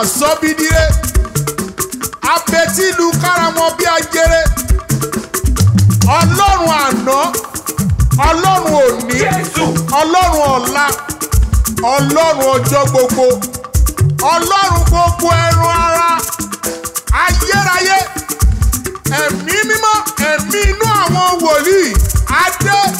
àsọ́bídíre apẹtí lu káramọ bí ajere ọlọ́run àná ọlọ́run òní ọlọ́run ọ̀la ọlọ́run ọjọ́ gbogbo ọlọ́run gbogbo ẹran ara ayérayé ẹ̀mí mímọ́ ẹ̀mí inú àwọn wòlíì adé.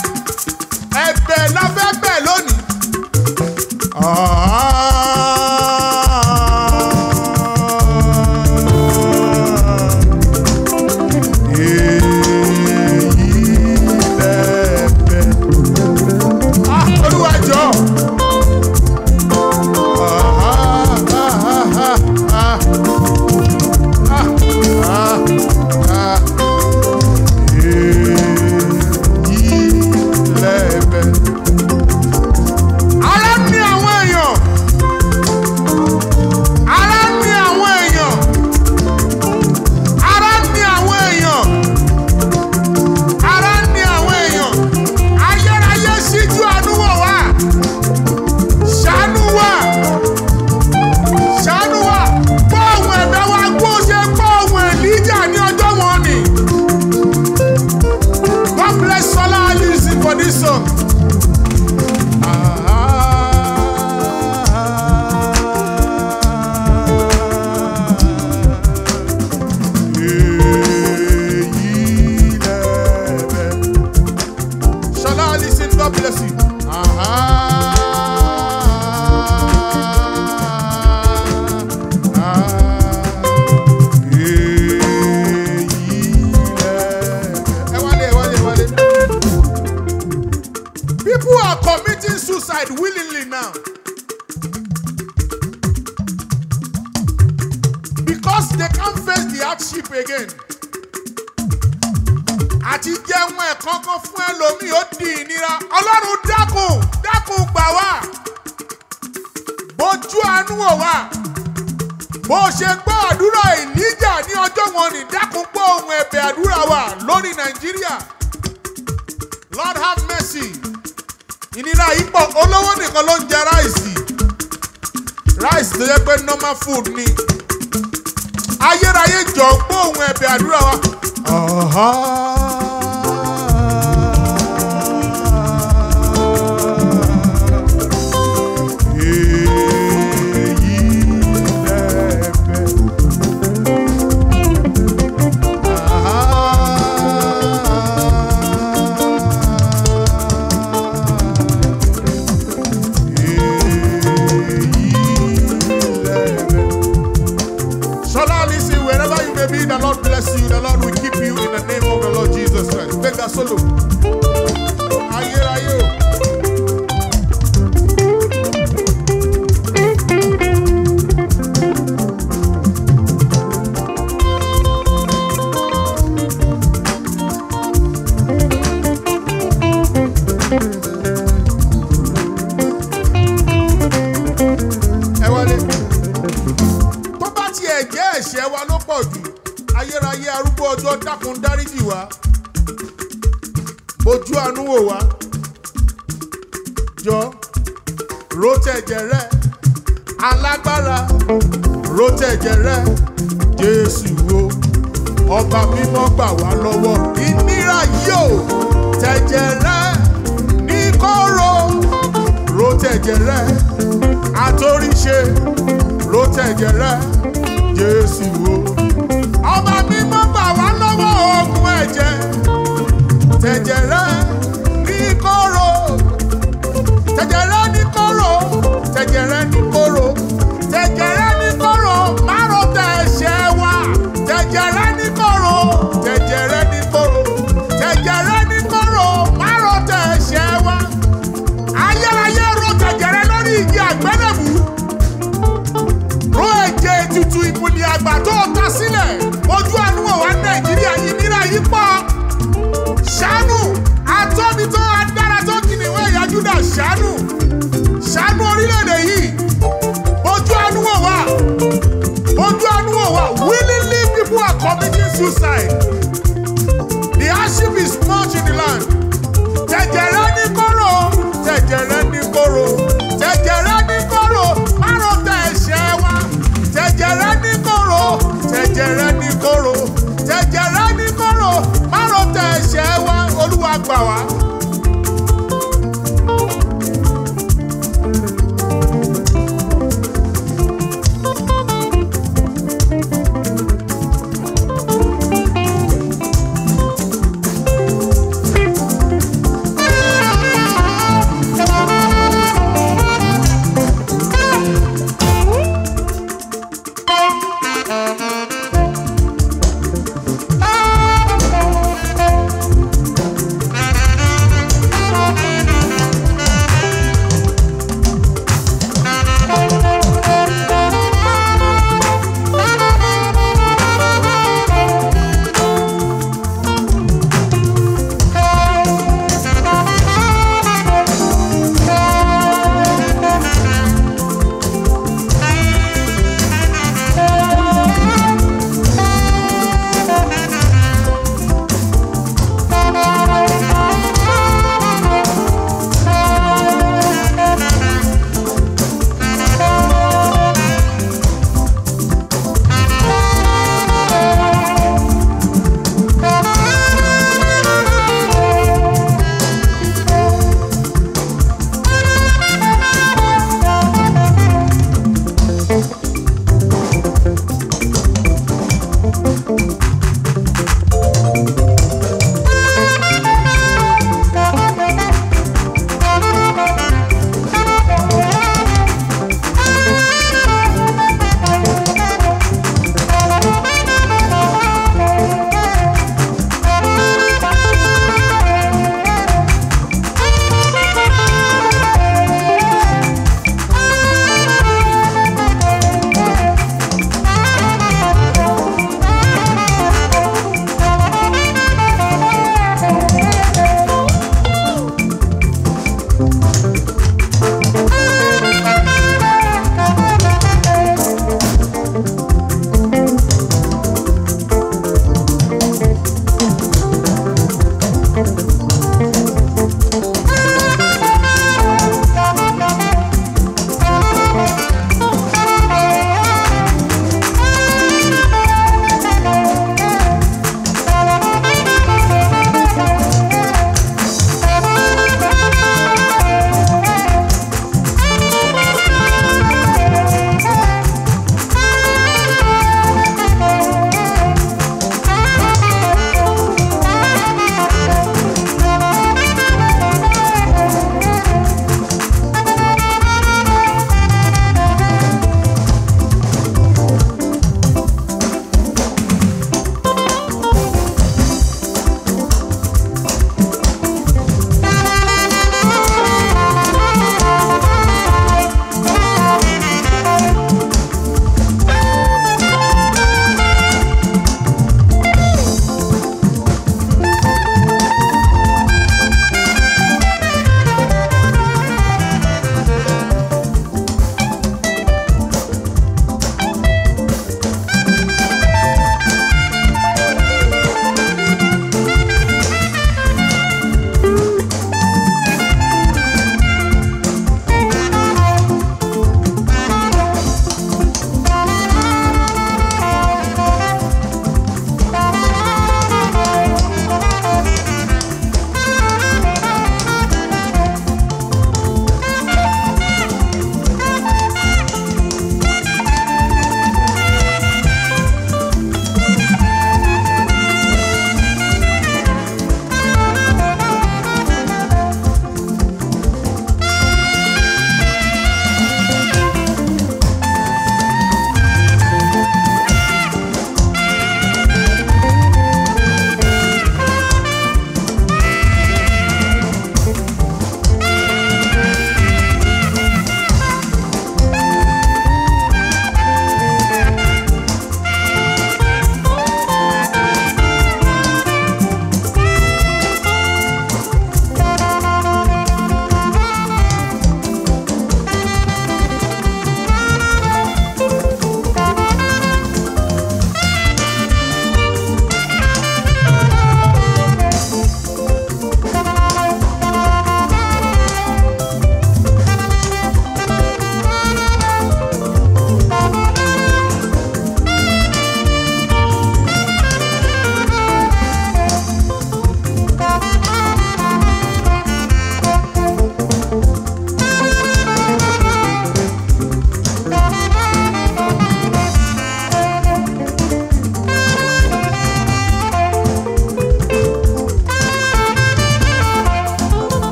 ìnira yìí pọ̀ olówó nìkan ló ń jẹ ráìsì ráìsì tó yẹ pé normal food ni ayérayé jọ gbóhùn ẹ̀bẹ̀ àdúrà wa. Uh-huh. àánú wò wá jọ ro tẹ̀jẹ̀ rẹ alágbára ro tẹ̀jẹ̀ rẹ Jésù o ọba mímọ́ gbà wá lọ́wọ́ ìnira yóò tẹ̀jẹ̀ rẹ ní kóró ro tẹ̀jẹ̀ rẹ àtòríṣe ro tẹ̀jẹ̀ rẹ Jésù o ọba mímọ́ gbà wá lọ́wọ́ ogun ẹ̀jẹ̀. suicide. The hardship is much in the land. Jẹjẹrẹ ní kóró, jẹjẹrẹ ní kóró, jẹjẹrẹ ní kóró, márùn tẹ wa. Jẹjẹrẹ ní kóró, jẹjẹrẹ ní kóró, jẹjẹrẹ ní kóró, márùn tẹ wa. Olúwa gbà wá.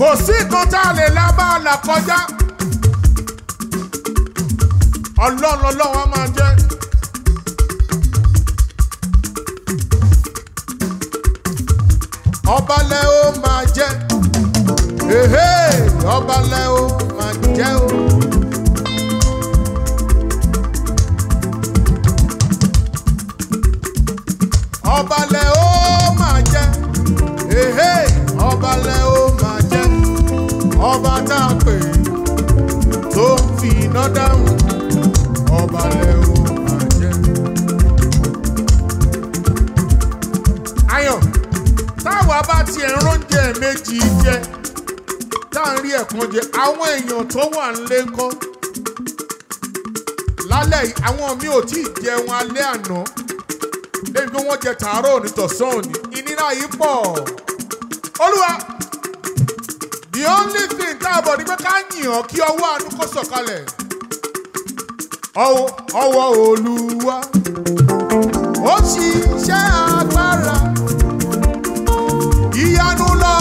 kò sí kan tá a lè lábá là kọjá ọlọ́run ọlọ́run á máa jẹ́. ọbalẹ̀ ó máa jẹ́ ehe ọbalẹ̀ ó máa jẹ́ o. ọbalẹ̀. pè é tó ń fi iná dáhùn ọ̀bàlẹ̀ o máa jẹ́. ayọ̀ táwa bá tiẹ̀ ń méjì jẹ tá à ń rí ẹ̀kan jẹ àwọn èèyàn tó wà nílé ńkọ́ lálẹ́ àwọn mi ò tí ì jẹun alẹ́ àná lẹ́yìn pé wọ́n jẹ tàárọ̀ onítọ̀sán òní ìnira yìí pọ̀ olúwa the only thing táàbọ̀ ni pé ká yìn ọ́ kí ọwọ́ àánú kó sọ̀kalẹ̀ ọwọ́ olúwa ó ṣiṣẹ́ agbára ìyanu lọ.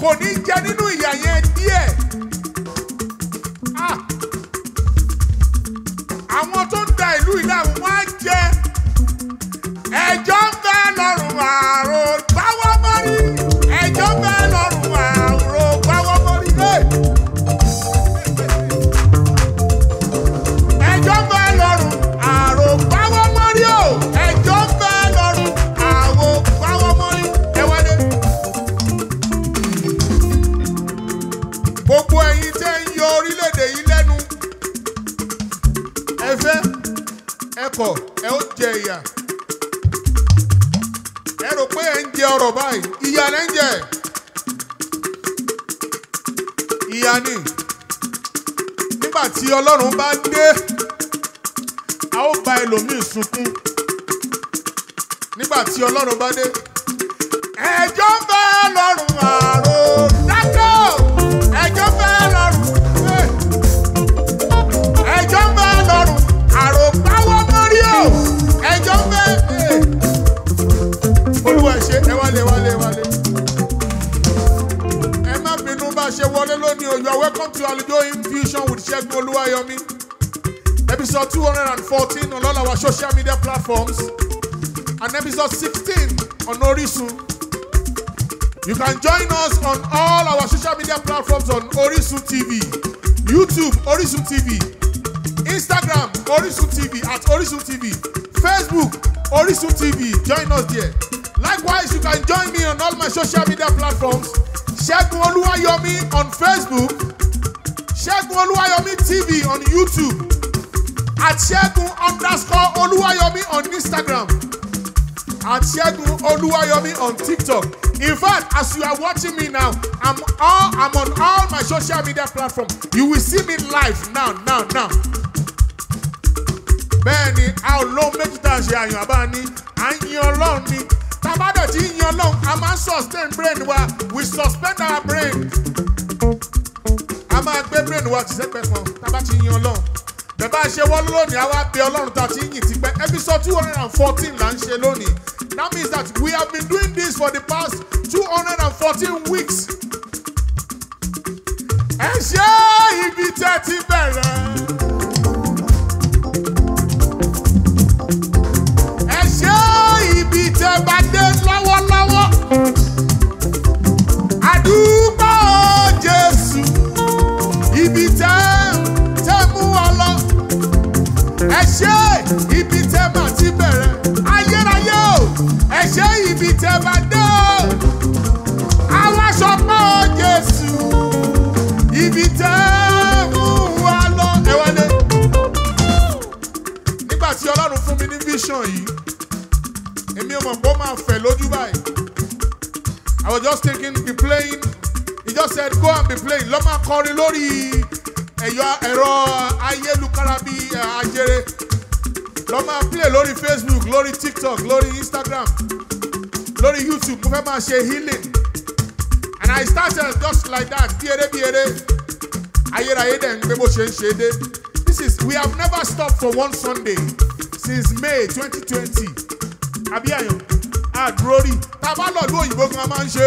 kò ní jẹ nínú ìyà yẹn díẹ̀. Ah! àwọn tó ń da ìlú ìlà wọn á jẹ ẹjọ́ bí ọlọ́run bá dé a ó bá ẹlòmíì sunkún nígbà tí ọlọ́run bá dé ẹjọ́ bá ọlọ́run àrò dákọ̀ ẹjọ́ bá ọlọ́run ẹjọ́ bá ọlọ́run àrò pàwọ́ mọ́rí o ẹjọ́ bá eh. olúwa ṣe ẹ wálé wálé wálé ẹ má bínú bá ṣe wọlé lónìí o you are welcome to Alijoyin. Solution with Segun Oluwayomi. Episode 214 on all our social media platforms. And episode 16 on Orisu. You can join us on all our social media platforms on Orisu TV, YouTube Orisu TV, Instagram Orisu TV at Orisu TV, Facebook Orisu TV. Join us there. Likewise, you can join me on all my social media platforms. Segun Oluwayomi on Facebook. Ṣẹ́gun Olúwayọ̀mí TV on YouTube at Ṣẹ́gun underscore Olúwayọ̀mí on Instagram at Ṣẹ́gun Olúwayọ̀mí on TikTok. In fact, as you are watching me now, I'm all I'm on all my social media platforms. You will see me live now, now, now. Bẹ́ẹ̀ni, a ò lóun méjì ṣe àyàn àbá ni, à ń yan Ọlọ́run ni. Tá a bá dẹ̀ yan Ọlọ́run, a máa ń sustain brain wa, we suspend our brain a máa gbé brain wa ti sẹ́pẹ̀ kan tá ti yan ọlọ́run bẹ́ẹ̀ bá ṣe wọ́n lónìí àwa bẹ ọlọ́run tá a ti yìn tipẹ́ episode two hundred and fourteen là ń ṣe lónìí that means that we have been doing this for the past two hundred and fourteen weeks. ẹ ṣe ibi tẹ́ ti bẹ̀rẹ̀. ẹ ṣe ibi tẹ́ bá dé lọ́wọ́lọ́wọ́. ẹ ṣé ibi tẹ́ bá ti bẹ̀rẹ̀ ayérayé o ẹ ṣé ibi tẹ́ bá dé o aláṣọ pọ̀ Jésù ibi tẹ́ mú wa lọ ẹ wọlé. nígbà tí Ọlọ́run fún mi ní vision yìí èmi ò mọ̀ pé ó máa fẹ̀ lójú báyìí I was just thinking be playing he just said go and be playing lọ́mọ akọrin lórí ẹ̀yọ ẹ̀rọ ayélujára bíi ajere lọ máa play lórí Facebook lórí TikTok lórí Instagram lórí YouTube mo fẹ́ máa ṣe healing and I started just like that bí eré bí eré ayérayé dẹ̀ ń gbé bó ṣe ń ṣe dé this is we have never stopped for one Sunday since May twenty twenty àbí àyàn àdúrórì tá a bá lọ ìlú òyìnbó máa ń ṣe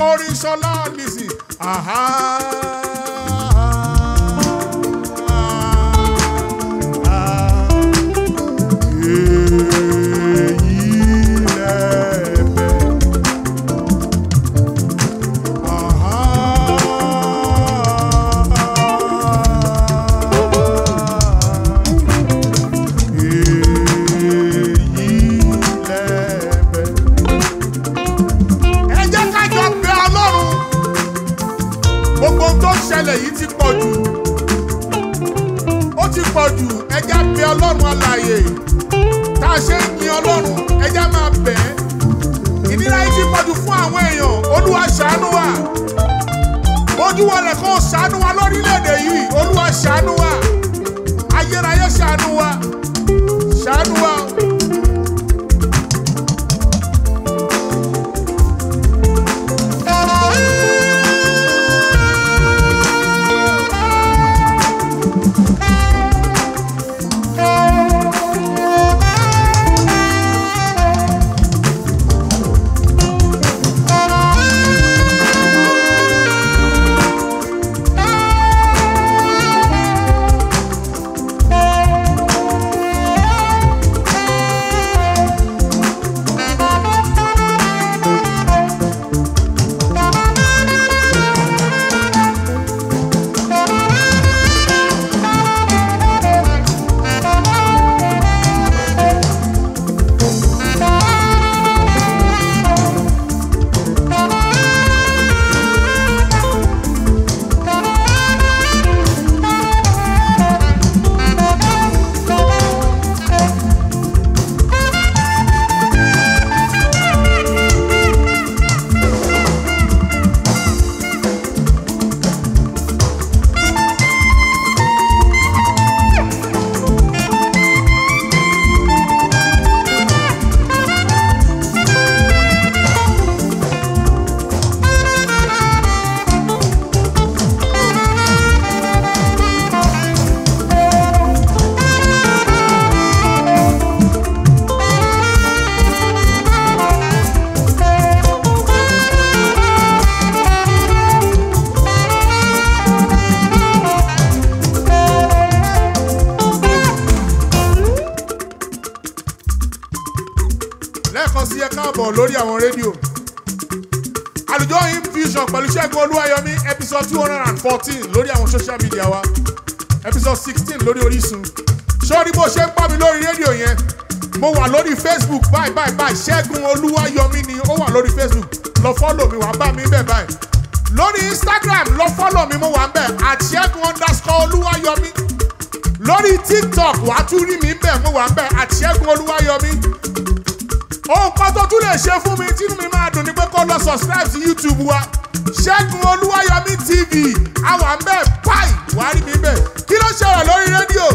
akọrin sọlá nìsín. olúwa rẹ̀ kó ṣàánú wa lórílẹ̀‐èdè yìí olúwa ṣàánú wa ayérayé ṣàánú wa ṣàánú wa. fourteen lórí àwọn social media wa episode sixteen lórí Orísun sọ́ọ́rí bó ṣe ń pọ̀ mí lórí rédíò yẹn mo wà lórí Facebook báyìí báyìí báyìí Ṣẹ́gun Olúwayọ̀mí ni ó wà lórí Facebook lọ fọ́lọ̀ mi wà bá mi bẹ́ẹ̀ báyìí lórí Instagram lọ fọ́lọ̀ mi mo wà ń bẹ̀ at Ṣẹ́gun underscore Olúwayọ̀mí lórí TikTok wà á tún rí mi bẹ́ẹ̀ mo wà ń bẹ̀ at Ṣẹ́gun Olúwayọ̀mí ohun kan tó tún lè ṣe fún mi tínú mi máa dùn ni pé kó lọ subscribe sí YouTube wa Ṣẹ́gun Olúwayọ̀mí tv àwọn àmbẹ́ báyìí wàá rí mi bẹ́ẹ̀ kí ló ṣẹlẹ̀ lórí rédíò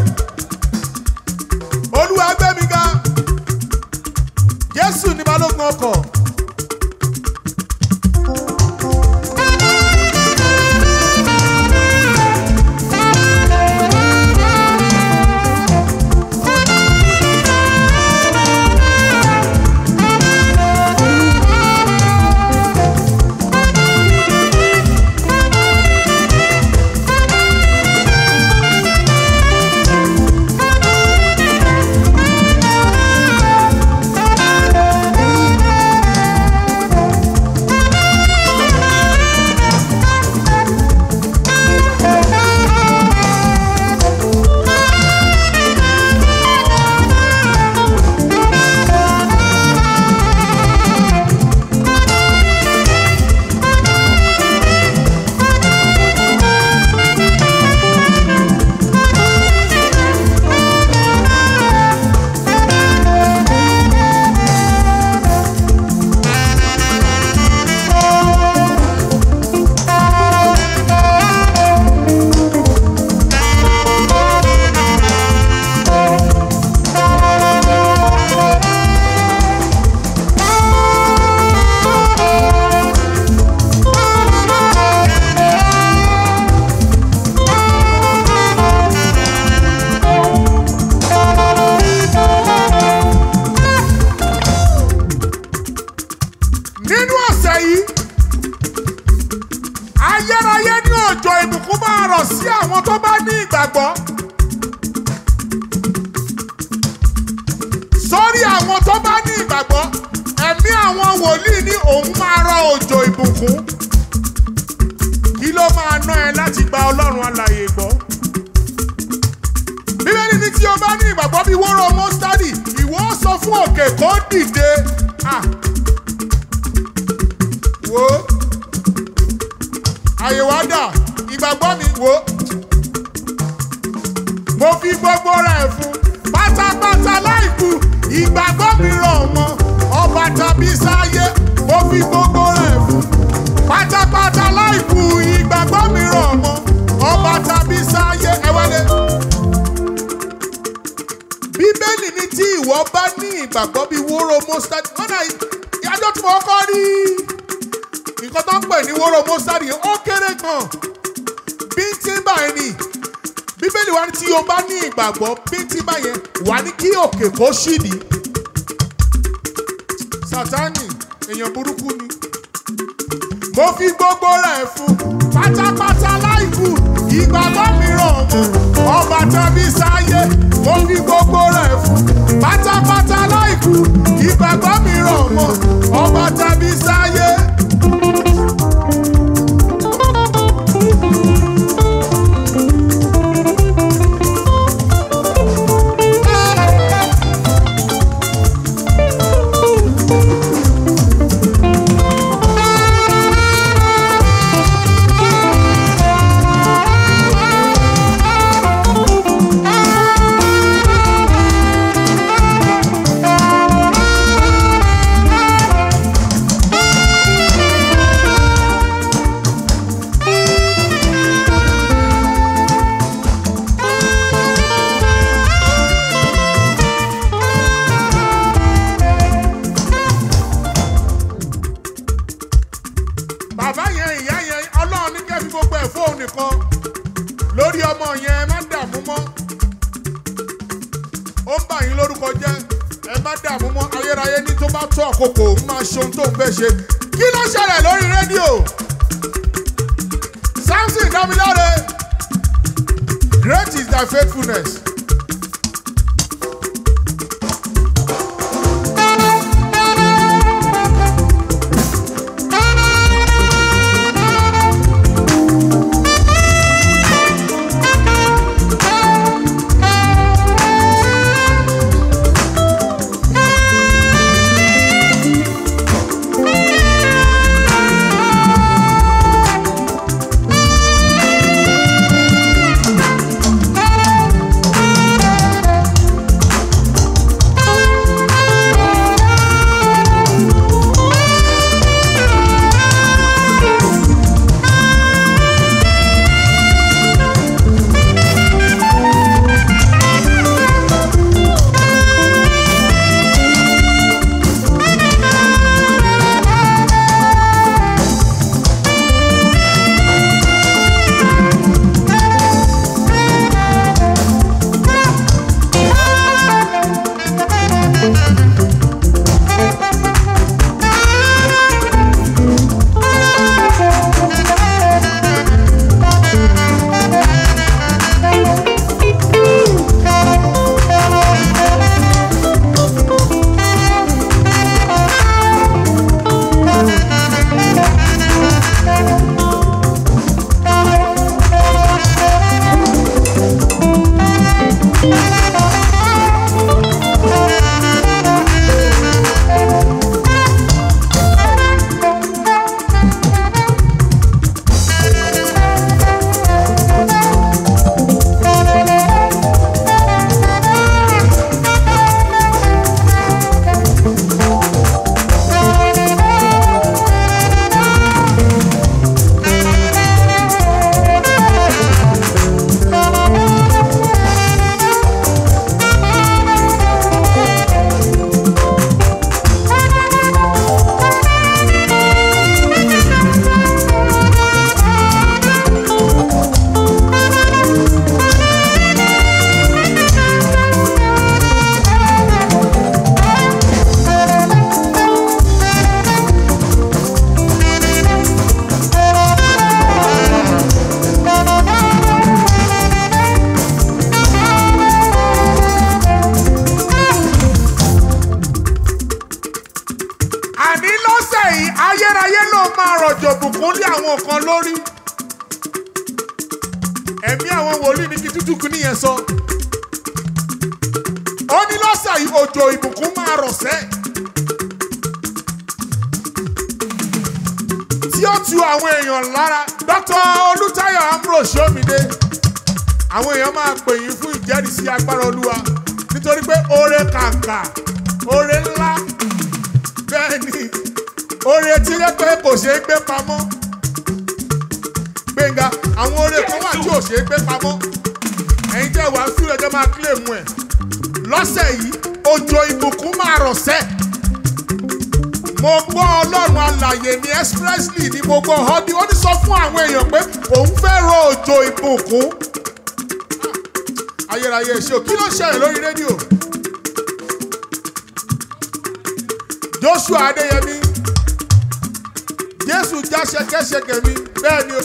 tí o bá ní ìgbàgbọ́ bíi wóró mọ́sítádì ìwọ sọ fún òkè kó dìde. Ah. wo àyè wá dà ìgbàgbọ́ mi wo mo fi gbogbo rẹ̀ fún pátápátá láìkú ìgbàgbọ́ mi rọ̀ mọ́ ọba tàbí sáyé mo fi gbogbo rẹ̀ fún pátápátá láìkú ìgbàgbọ́ mi rọ̀ mọ́ ọba tàbí sáyé ẹ wọlé bíbélì ni tí ìwọ bá ní ìgbàgbọ́ bíi wóró mustard mọ́nà ìyájọ́ tí mo kọ́ rí nǹkan tó ń pè ní wóró mustard yìí ó kéré gan bíntín báyìí ni bíbélì wa ní tí o bá ní ìgbàgbọ́ bíntín báyẹn wà ní kí òkè kó ṣìdí sátánì èèyàn burúkú ni mo fi gbogbo rẹ̀ fún pátápátá láìkú ìgbàgbọ́ mìíràn mọ̀ ọba tẹ́bí sáyé mo fi gbogbo rẹ̀ fún pátápátá láìkú ìgbàgbọ́ mìíràn mọ̀ ọba tẹ́bí sáyé. àwọn èèyàn máa pè yín fún ìjẹ́rìísí agbára olúwa nítorí pé oore kàǹkà oore ńlá bẹ́ẹ̀ ni oore tí lé pé kò ṣeé gbé pamọ́ gbẹ̀ngà àwọn oore kan wà tí ò ṣeé gbé pamọ́ ẹ̀yin tẹ́ wàá fún ẹjọ́ máa kílẹ̀ mú ẹ̀ lọ́sẹ̀ yìí òjò ìbùkún máa rọ̀ mo gbọ́ ọlọ́run alàyè ní expressly ni mo gbọ́ ọ́ bí ó ní sọ fún àwọn èèyàn pé òun fẹ́ rọ òjò ìbùkún ayérayé ẹ ṣé o kí ló ṣẹlẹ̀ lórí rédíò Joshua Adéyẹmí Jésù já ṣẹkẹṣẹkẹ mi bẹ́ẹ̀ ni o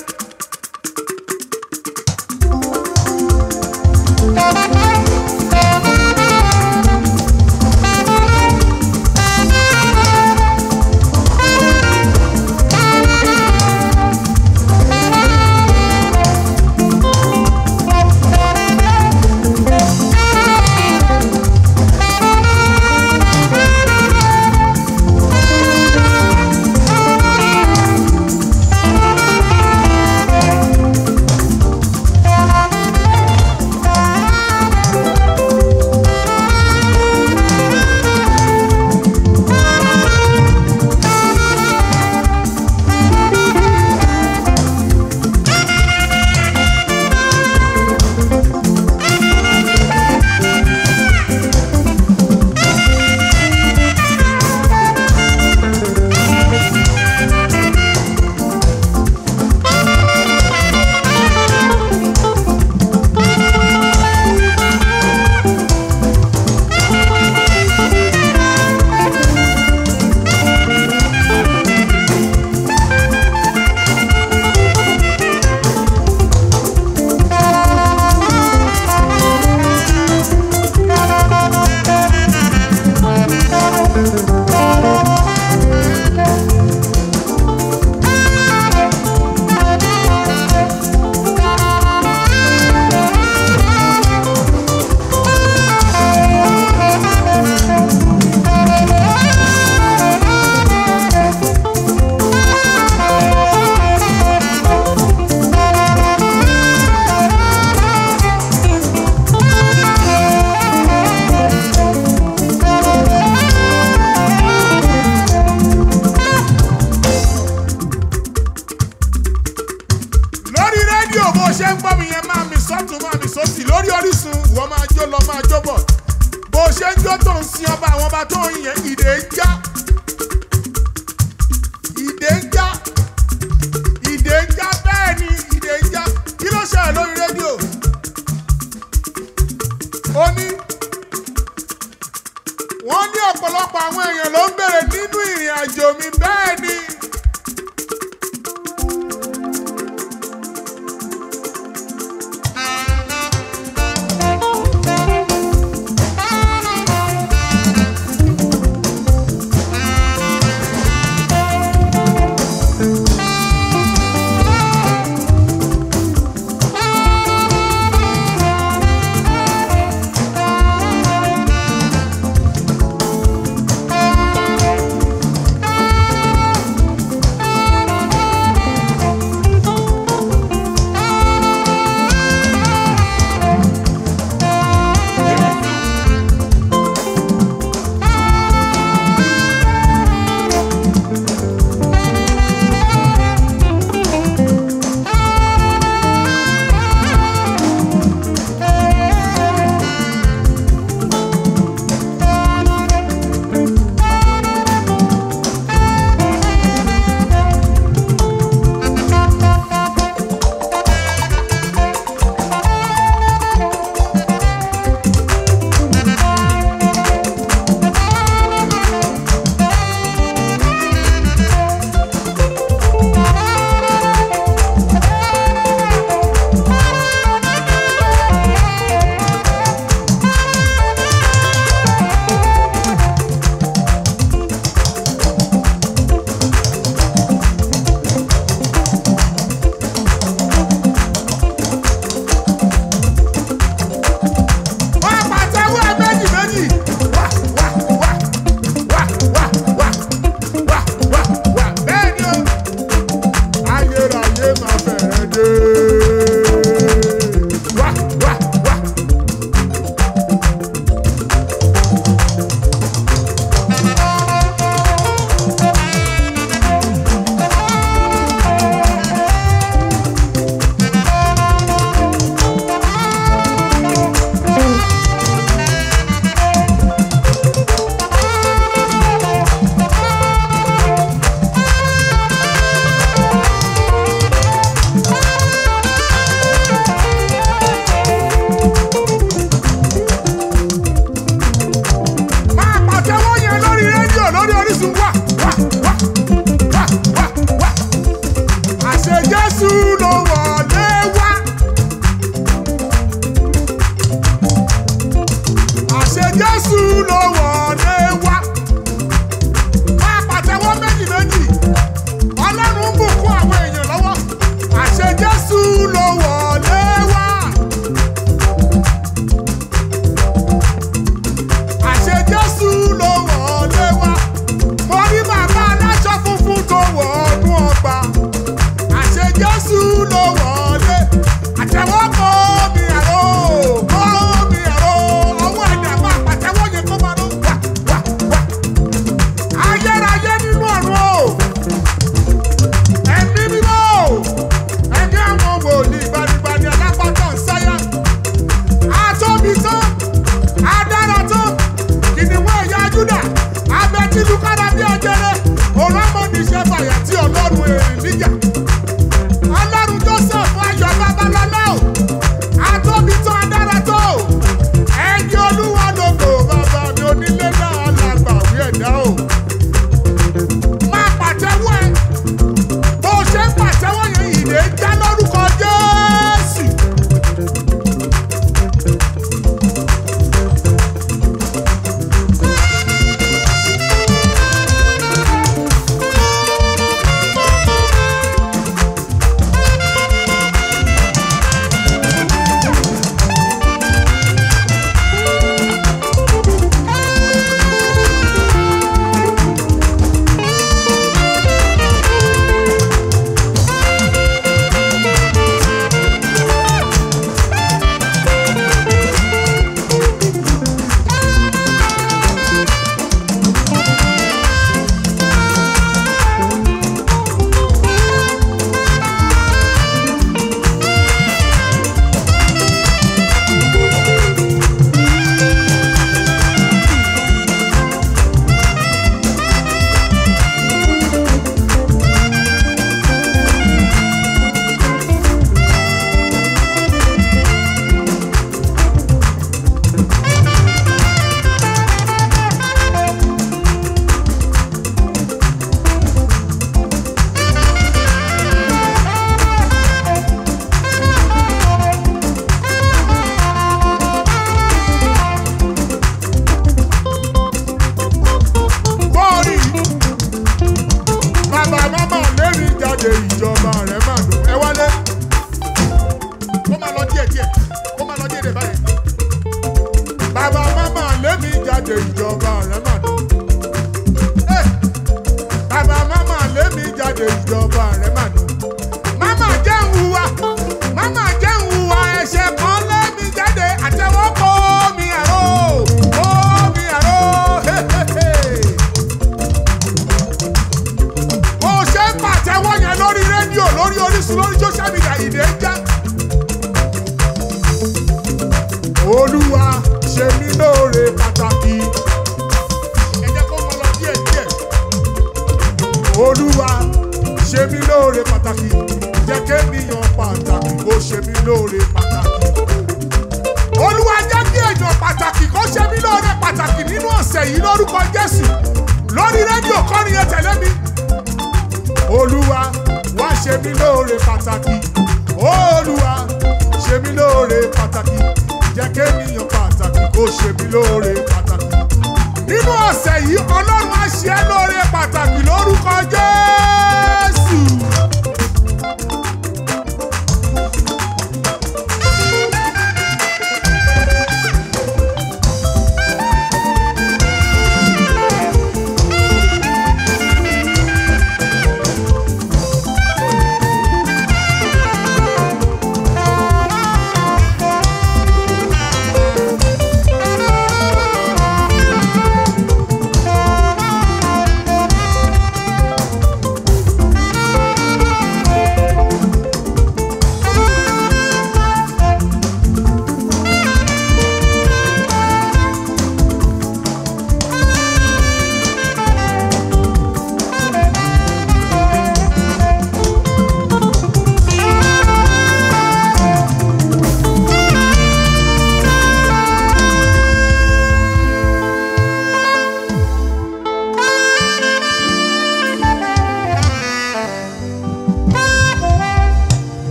máa lọ díẹ̀díẹ̀.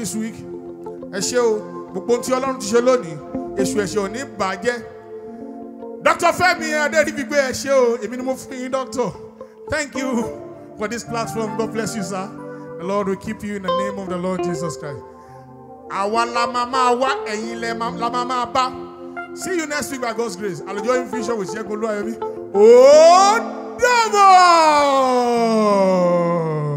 this week ẹ ṣé o gbogbo ohun tí ọlọ́run ti ṣe lónìí èṣù ẹ̀ṣẹ̀ ò ní bàjẹ́ Dr. Femi Adedigbigbe ẹ ṣé o èmi ni mo fún yín doctor thank you for this platform God bless you sir the Lord will keep you in the name of the Lord Jesus Christ àwa la máa máa wá ẹ̀yin la máa máa bá see you next week by God's grace àlùjọ in future with Ṣẹ́gun Olúwayọ̀mí ó dàbọ̀.